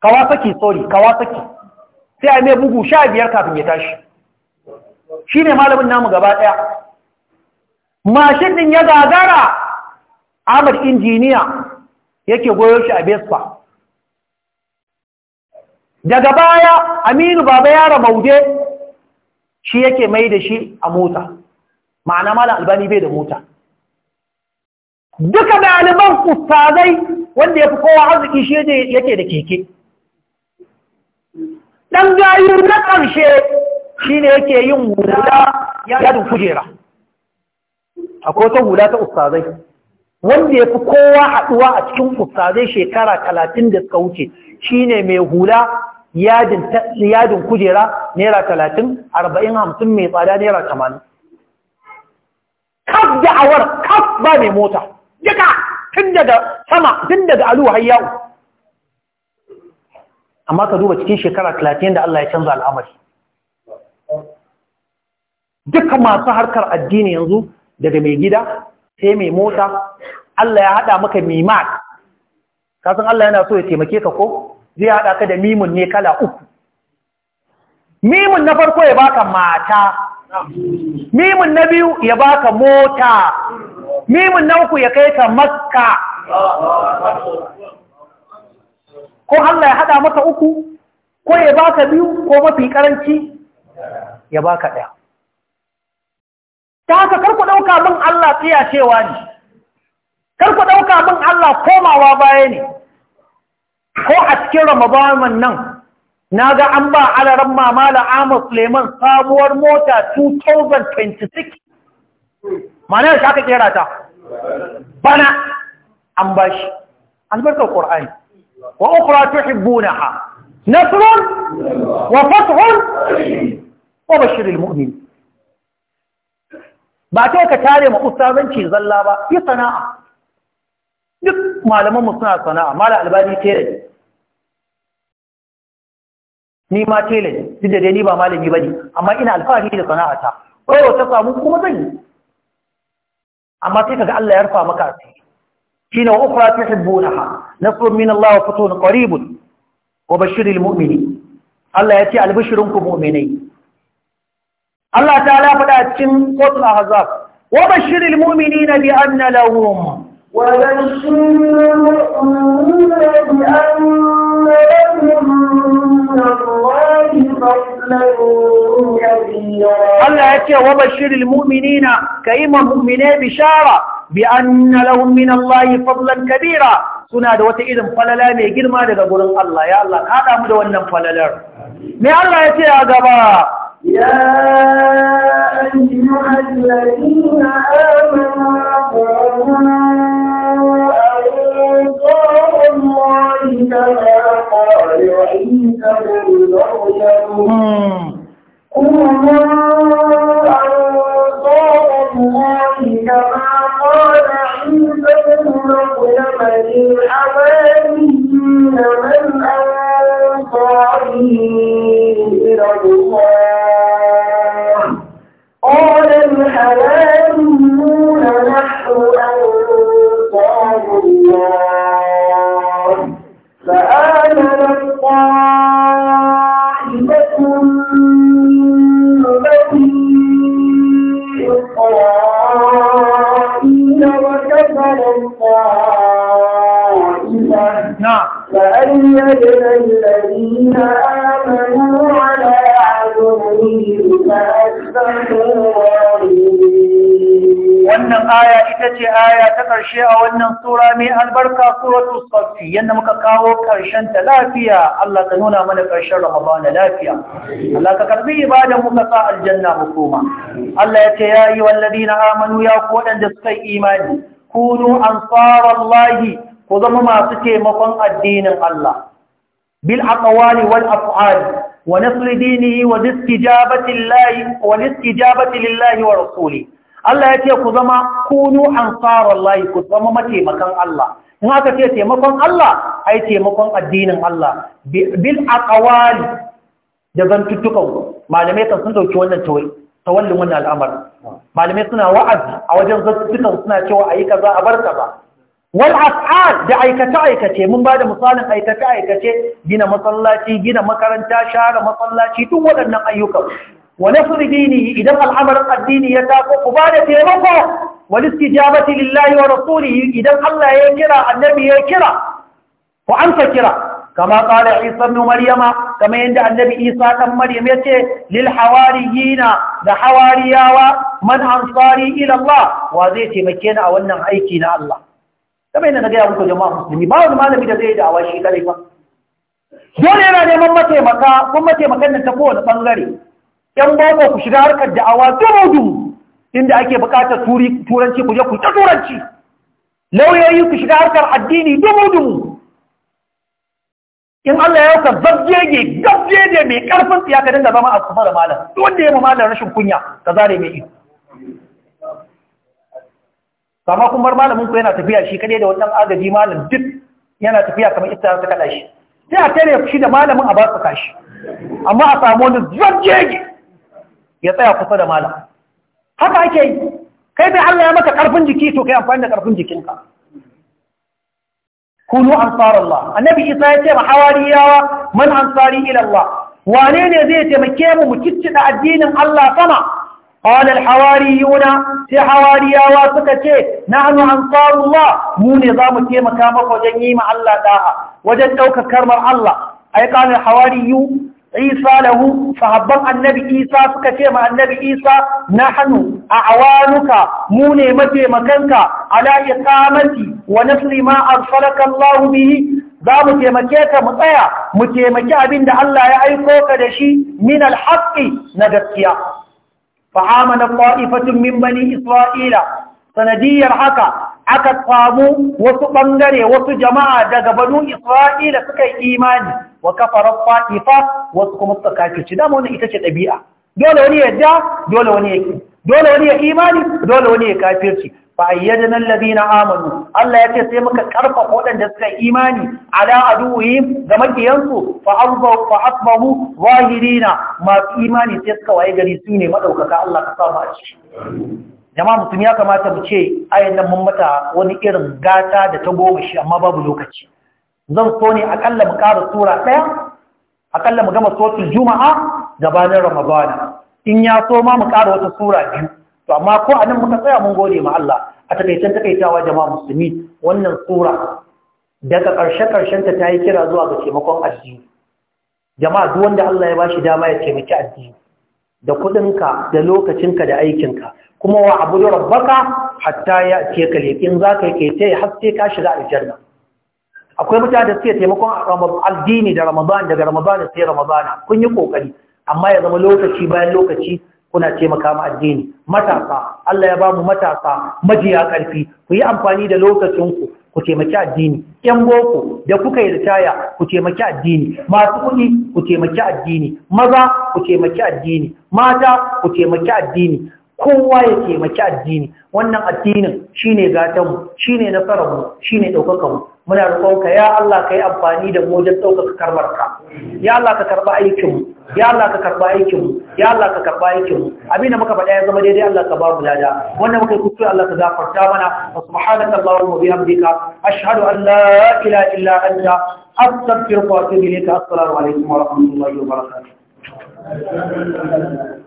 kawasaki sorry kawasaki sai a mai bugu sha biyar kafin ya tashi shi ne malamin namu gaba ɗaya mashin ɗin ya gagara ahmad injiniya yake goyo shi a bespa daga baya aminu baba yara maude shi yake mai da shi a mota ma'ana malam albani bai da mota duka ɗaliban ustazai wanda ya fi kowa arziki shi yake da keke ɗan gayu na ƙarshe shi ne yake yin hula yadin kujera akwai kotun hula ta ustazai wanda ya fi kowa haɗuwa a cikin ustazai shekara talatin da suka wuce shi ne mai hula yadin kujera naira talatin arba'in hamsin mai tsada naira tamanin kaf da awar kaf ba mai mota duka tun daga sama tun daga alu har yau amma ka duba cikin shekara 30 da Allah ya canza al'amari duka masu harkar addini yanzu daga mai gida sai mai mota Allah ya haɗa maka mimat kasan Allah yana so ya taimake ka ko zai haɗa ka da mimun ne kala uku mimun na farko ya baka mata mimun na biyu ya baka mota mimun na uku ya kai ka makka ko Allah ya haɗa maka uku ko ya baka biyu ko mafi karanci ya baka ɗaya ta haka karku ɗauka min Allah tsiya cewa ne karku ɗauka min Allah komawa baya ne ko a cikin ramadanin nan na ga an ba alaran mamala Ahmad Suleiman sabuwar mota 2026 ma'ana da shaka kera ta bana an bashi albarkar qur'ani wa ukhra tuhibbunaha nasrun wa fathun wa bashiril mu'min ba ta ka tare ma ustazanci zalla ba yi sana'a duk malaman mu suna sana'a mala albani tere ni ma tele duk da dai ni ba malami ba ne. amma ina alfahari da sana'a ta. wai wata samu kuma zan yi amma sai kaga Allah ya rufa maka asiri shine wa ukhra tuhibbunaha nasrun min Allah wa fathun qaribun wa bashiril mu'minin Allah ya ce albishirinku mu'minai Allah ta'ala faɗa cikin suratul ahzab wa bashiril mu'minina bi anna lahum wa bashiril mu'minina bi anna lahum min Allahi Allah ya ce wa bashiril mu'minina kayima mu'mine bishara bi anna lahum min Allah fadlan kabira suna da wata irin falala mai girma daga gurin Allah ya Allah kada mu da wannan falalar me Allah ya ce a gaba ya ayyuhal ladina amanu إنما قال عيسى بن مريم قل ما أنصار الله كما قال عيسى بن مريم للحباريين من أنصاره إلى ranar kasuwatu safi yadda muka kawo karshen ta lafiya Allah ka nuna mana karshen Ramadan lafiya Allah ka karbi ibadan muka sa aljanna mu koma Allah ya ce ya yi Ladina amanu ya ku wadanda suka yi imani kunu ansarallahi ku zama masu taimakon addinin Allah bil aqwali wal af'al wa nasr dinihi wa istijabati lillahi wa istijabati lillahi wa rasulihi Allah ya ce ku zama kunu ansarallahi ku zama mataimakan Allah in aka ce taimakon Allah ai taimakon addinin Allah bil aqwali da zantuttukan malamai kan sun dauki wannan tawai tawallin wannan al'amar malamai suna wa'azi a wajen zantuttukan suna cewa ayi kaza a bar kaza wal af'al da aikace aikace mun bada misalin aikace aikace gina masallaci gina makaranta share masallaci duk waɗannan ayyukan wa nasr dinihi idan al'amarin addini ya taso ku ba da taimako wa istijabati lillahi wa rasulihi idan Allah ya kira annabi ya kira ku kira kama qala Isa ibn Maryama kama yadda annabi Isa dan Maryam ya ce lil hawariyina da hawariyawa man ansari ila Allah wa zai taimake ni a wannan aiki na Allah kamar yadda na gaya muku jama'a musulmi ba wani malami da zai yi da'awa shi kadai ba dole yana neman mataimaka kun mataimakan nan ta kowane bangare yan boko ku shiga harkar da'awa dubu inda ake bukatar turanci ku je ku ta turanci lauyoyi ku shiga harkar addini dubu in Allah ya yauka zabjege ne mai karfin tsiya ka dinga zama a kuma da malam wanda ya malam rashin kunya ka zare mai ido kama kun bar malamin ku yana tafiya shi kadai da wannan agaji malam duk yana tafiya kamar ita ta kada shi sai a tare shi da malamin a ba su kashi amma a samu wani zabjege ya tsaya kusa da malam haka ake yi kai dai Allah ya maka karfin jiki to kai amfani da karfin jikinka kunu ansarallah annabi isa ya ce ma hawariyawa man ansari ilallah Allah wane ne zai taimake mu mu addinin Allah sama qala al hawariyuna sai hawariyawa suka ce nahnu ansarullah mu ne za mu taimaka maka wajen yi ma Allah da'a wajen daukar karmar Allah ai qala al hawariyu isa lahu sahabban annabi isa suka ce ma annabi isa na hannu a a'wanuka mu ne mataimakanka ala iqamati wa nasli ma arsalaka Allah bihi za mu taimake ka mu tsaya mu taimaki abin da Allah ya aiko ka da shi min alhaqqi na gaskiya fa amana qa'ifatun min bani isra'ila sanadiyar haka aka samu wasu bangare wasu jama'a daga banu isra'ila suka yi imani wa kafarar fa’ifa wasu kuma suka kafi ci damar wani ita ce ɗabi’a dole wani ya ja dole wani ya ƙi dole wani ya imani dole wani ya kafi ci fa’ayyadu nan labi na Amadu. Allah ya ce sai muka karfa waɗanda suka yi imani ala aduhuhim ga maƙiyansu fa’asbahu wahirina masu imani sai suka waye gari sune ne maɗaukaka Allah ka samu a ciki jama mutum ya kamata mu ce ayin nan mun mata wani irin gata da ta goma shi amma babu lokaci zan so ne akalla mu ƙara sura ɗaya akalla mu gama suratul juma'a gabanin ramadana in ya so ma mu ƙara wata sura biyu to amma ko a nan muka tsaya mun gode ma Allah a takaicen takaitawa jama'a musulmi wannan sura daga ƙarshe ƙarshen ta ta yi kira zuwa ga taimakon addini jama'a duk wanda Allah ya bashi dama ya taimaki addini da kuɗinka da lokacinka da aikinka kuma wa abudu rabbaka hatta ya ce ka leƙin za ka yi kai ta har sai ka shiga aljanna akwai mutane da suke taimakon addini da ramadan daga ramadan sai ramadana kun yi kokari amma ya zama lokaci bayan lokaci kuna taimaka ma addini matasa Allah ya bamu matasa majiya karfi ku yi amfani da lokacin ku ku taimaki addini yan boko da kuka yi ritaya ku taimaki addini masu kuɗi ku taimaki addini maza ku taimaki addini mata ku taimaki addini kowa ya taimaki addini wannan addinin shine gatanmu shine nasararmu shine ɗaukakanmu muna roƙonka ya Allah ka yi amfani da mu wajen ɗaukaka karbarka ya Allah ka karɓa aikinmu ya Allah ka karɓa aikinmu ya Allah ka karɓa aikinmu abin da muka faɗa ya zama daidai Allah ka ba mu lada wannan muka yi kuskure Allah ka zafarta mana wa subhanaka allahumma wa bihamdika ashhadu an la ilaha illa anta astaghfiruka wa atubu ilayka assalamu alaikum wa rahmatullahi wa barakatuh